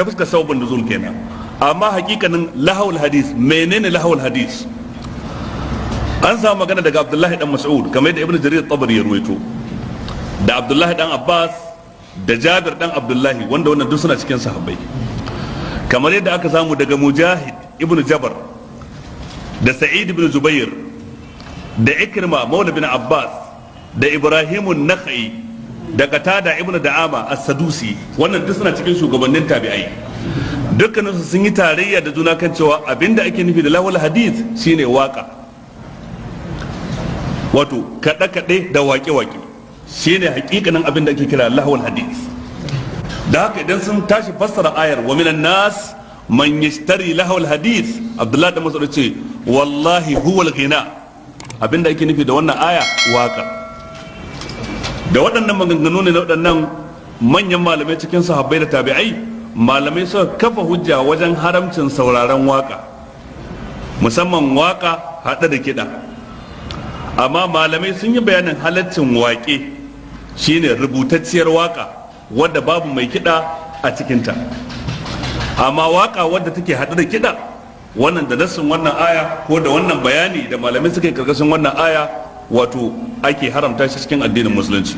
ta fuskar da nuzul kenan amma hakikanin lahawul hadis menene lahawul hadis an samu magana daga abdullahi dan mas'ud kamar yadda ibnu jarir tabari ya ruwaito da abdullahi dan abbas da jabir dan abdullahi wanda wannan duk suna cikin sahabbai kamar yadda aka samu daga mujahid ibnu jabar da sa'id ibn zubair da ikrima maula bin abbas da ibrahimun nakhai da qatada Ibna da'ama a sadusi wannan duk suna cikin shugabannin tabi'ai dukkaninsu sun yi tarayya da juna kan cewa abinda ake nufi da lahul hadith shine waka wato kaɗe kaɗe da waƙe waƙe shine hakikanin abinda ake kira lahul hadith da haka idan sun tashi fassara ayar wa minan nas man yashtari lahul hadith abdullahi da masarar ce wallahi huwal ghina abinda ake nufi da wannan aya waka da waɗannan maganganu ne na waɗannan manyan malamai cikin sahabbai da tabi'ai malamai suka kafa hujja wajen haramcin sauraron waka musamman waka haɗe da kiɗa amma malamai sun yi bayanin halaccin waƙe shine rubutacciyar waka wadda babu mai kiɗa a cikinta amma waka wadda take haɗe da kiɗa wannan da nassin wannan aya ko da wannan bayani da malamai suka yi karkashin wannan aya wato ake haramta shi cikin addinin musulunci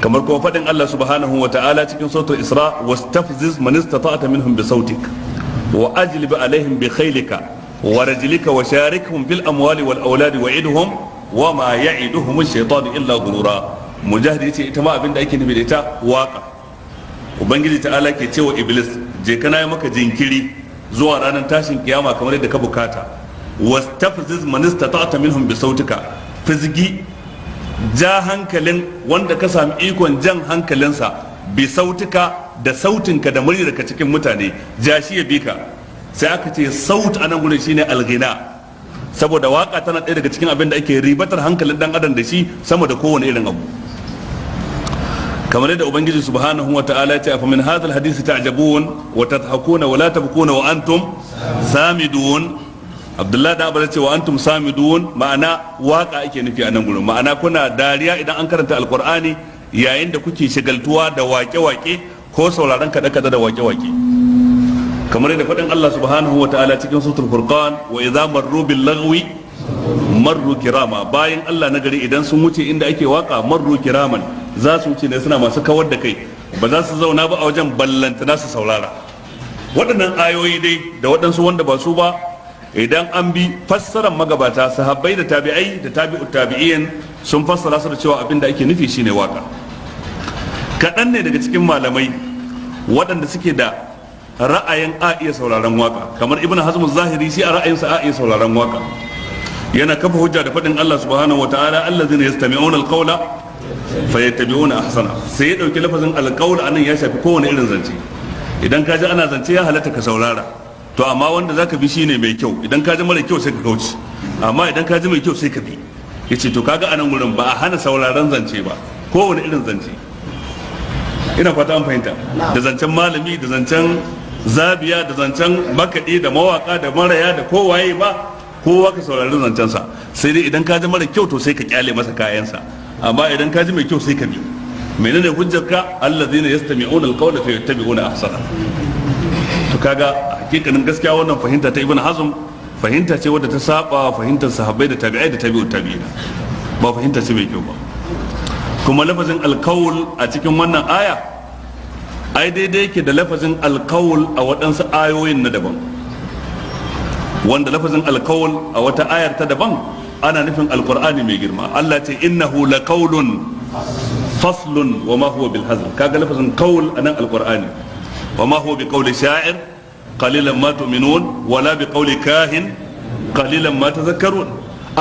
kamar kuma faɗin Allah subhanahu wa ta'ala cikin sautar Isra wastafziz man istata'ta minhum bi sautik wa ajlib alaihim bi khaylika wa rajlika wa sharikhum fil amwali wal auladi wa idhum wa ma ya'iduhum ash-shaytan illa ghurura mujahid yace ita ma abinda ake nufi da ita waka ubangiji ta'ala ke cewa iblis je kana yi maka jinkiri zuwa ranar tashin kiyama kamar yadda ka bukata wastafziz man istata'ta minhum bi sautika fizgi ja hankalin wanda ka sami ikon jan hankalinsa bi sautuka da sautinka da muryarka cikin mutane ja shi ya bi ka sai aka ce saut a nan gudun ne alghina saboda waka tana ɗaya daga cikin abin da ake ribatar hankalin dan adam da shi sama da kowane irin abu kamar yadda ubangiji subhanahu wa ta'ala ya ce afa min hadhal hadisi ta'jabun wa tadhakuna wa la tabkuna wa antum samidun abdullahi da abin cewa antum samidun ma'ana waka ake nufi a nan gurin ma'ana kuna dariya idan an karanta alkur'ani yayin da kuke shigaltuwa da wake-wake ko sauraron kaɗe-kaɗe da wake-wake kamar yadda faɗin Allah subhanahu wa ta'ala cikin sutur furqan wa idza marru bil lagwi marru kirama bayan Allah na gari idan sun wuce inda ake waka marru kiraman za su wuce ne suna masu kawar da kai ba za su zauna ba a wajen ballantana su saurara waɗannan ayoyi dai da waɗansu wanda ba su ba idan an bi fassarar magabata sahabbai da tabi'ai da tabi'u tabi'in sun fassara su da cewa abin da ake nufi shine waka kaɗan ne daga cikin malamai waɗanda suke da ra'ayin a iya sauraron waka kamar ibn hazm zahiri shi a ra'ayinsa a iya sauraron waka yana kafa hujja da faɗin Allah subhanahu wataala allazina yastami'una alqawla fayattabi'una ahsana sai ya dauki lafazin alqawla anan ya shafi kowane irin zance idan ka ji ana zance ya halatta ka saurara to amma wanda zaka bi shine mai kyau idan ka ji mara kyau sai ka kauce amma idan ka ji mai kyau sai ka bi yace to kaga anan gurin ba a hana sauraron zance ba kowane irin zance ina fata an fahimta da zancen malami da zancen zabiya da zancen makaɗi da mawaka da maraya da kowaye ba kowa ka saurari zancensa sai dai idan ka ji mara kyau to sai ka kyale masa kayansa amma idan ka ji mai kyau sai ka bi menene hujjar ka allazina yastami'una alqawla fa yattabi'una ahsana kaga hakikanin gaskiya wannan fahimta ta ibn hazm fahimta ce wadda ta saba fahimtar sahabbai da tabi'ai da tabi'u tabi'ina ba fahimta ce mai kyau ba kuma lafazin alkawul a cikin wannan aya ai daidai yake da lafazin alkawul a waɗansu ayoyin na daban wanda lafazin alkawul a wata ayar ta daban ana nufin alkur'ani mai girma Allah ce innahu laqawlun faslun wa ma huwa bil hazl kaga lafazin qawl anan alkur'ani wa ma huwa bi qawli sha'ir qalilan ma tu'minun wala bi qawli kahin kalilan ma tadhakkarun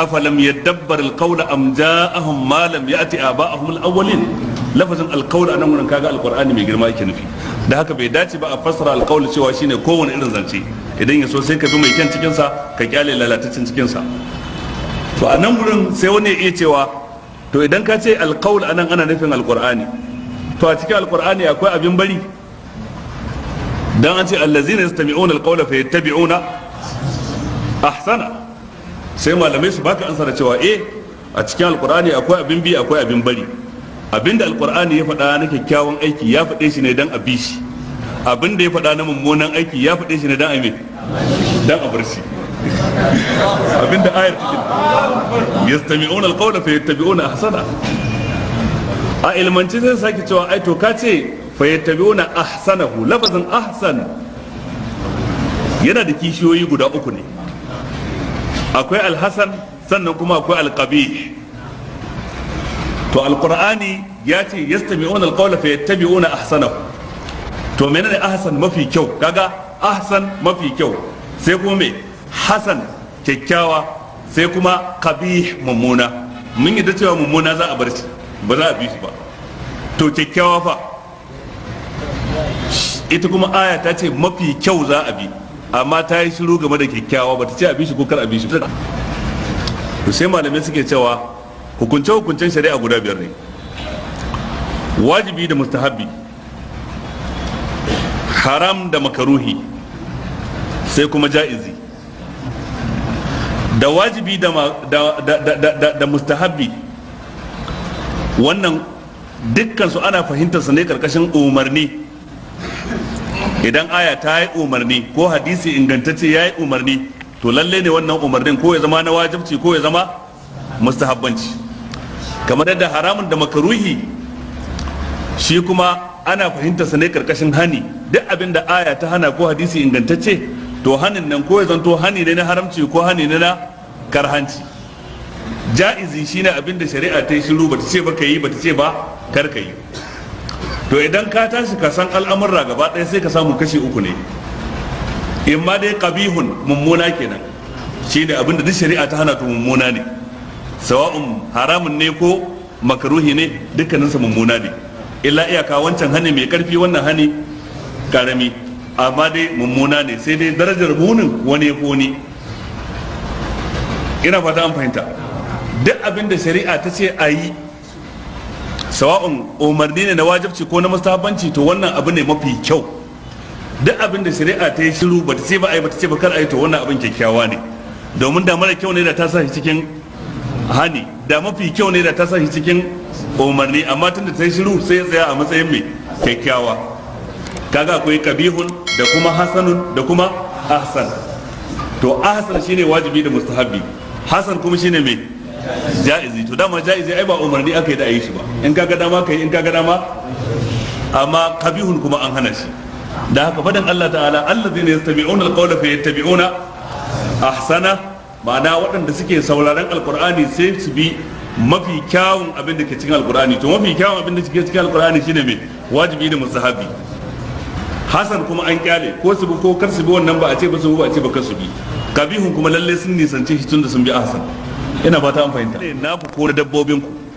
afalam yadabbar alqawla am ja'ahum ma lam ya'ti aba'ahum alawwalin lafazin alqawla anan gurin kaga alqur'ani mai girma yake nufi da haka bai dace ba a fassara alqawla cewa shine kowane irin zance idan ya so ka bi mai kyan cikin ka kyale lalatacin cikin sa to a nan gurin sai wani ya iya cewa to idan ka ce alqawl anan ana nufin alqur'ani to a cikin alqur'ani akwai abin bari dan an ce allazina yastami'una alqawla fayattabi'una ahsana sai malamai su baka ansara cewa eh a cikin alqur'ani akwai abin bi akwai abin bari abinda alqur'ani ya faɗa na kyakkyawan aiki ya faɗe shi ne dan a bi shi abin da ya faɗa na mummunan aiki ya faɗe shi ne dan a me dan a bar shi abin ayar cikin yastami'una alqawla fayattabi'una ahsana a ilmanci sai sake cewa ai to ka ce fayyattabiuna ahsanahu lafazin ahsan yana da kishiyoyi guda uku ne akwai alhasan sannan kuma akwai alqabih to alqur'ani ya ce yastami'una alqawla fayattabi'una ahsanahu to menene ahsan mafi kyau kaga ahsan mafi kyau sai kuma me hasan kyakkyawa sai kuma qabih mummuna mun yi da cewa mummuna za a bar shi ba za a bi shi ba to kyakkyawa fa ita kuma aya ta ce mafi kyau za a bi amma ta yi shiru game da kyakkyawa ba ta ce a bi shi ko kar a bi shi to sai malamai suke cewa hukunce hukuncen shari'a guda biyar ne wajibi da mustahabbi haram da makaruhi sai kuma ja'izi da wajibi da, da mustahabbi wannan dukkan su ana fahimtarsa ne karkashin umarni idan aya ta yi umarni ko hadisi ingantacce ya yi umarni to lalle ne wannan umarnin ko ya zama na wajibci ko ya zama mustahabbanci kamar yadda haramun da makaruhi shi kuma ana fahimta sa ne karkashin hani duk abin da aya ta hana ko hadisi ingantacce to hanin nan ko ya zanto hani ne na haramci ko hani ne na karhanci ja'izi shine abin da shari'a ta yi shiru bata ce ba ka yi bata ce ba kar ka yi to idan ka tashi ka san al'amurra gaba ɗaya sai ka samu kashi uku ne in ma dai ƙabihun mummuna kenan shi abin da duk shari'a ta hana to mummuna ne sawa'un haramun ne ko makaruhi ne dukkaninsa mummuna ne illa iyaka wancan hani mai karfi wannan hani karami amma dai mummuna ne sai dai darajar munin wani ko ni ina fata an fahimta duk abinda shari'a ta ce a yi sawa'un umarni ne na wajibci ko na mustahabanci to wannan abu ne mafi kyau duk abin da shari'a ta yi shiru bata ce ba ai bata ce ba kar ai to wannan abin kyakkyawa ne domin da mara kyau ne da ta sa shi cikin hani da mafi kyau ne da ta sa shi cikin umarni amma tun da ta yi shiru sai ya tsaya a matsayin mai kyakkyawa kaga akwai kabihun da kuma hasanun da kuma ahsan to ahsan shine wajibi da mustahabbi hasan kuma shine mai ja'izi to dama ja'izi ai ba umarni aka yi da yi shi ba in kaga dama kai in kaga dama amma kabihun kuma an hana shi da haka fadan Allah ta'ala allazina yastami'una alqawla fa yattabi'una ahsana ma'ana waɗanda suke sauraron alqur'ani sai su bi mafi kyawun abin da ke cikin alqur'ani to mafi kyawun abin da ke cikin alqur'ani shine me wajibi da musahabi hasan kuma an kyale ko su bi ko kar su bi wannan ba a ce ba su bi ba a ce ba kar su bi kabihun kuma lalle sun nisanci shi tunda sun bi ahsan ina fata an fahimta na ku ko na dabbobin ku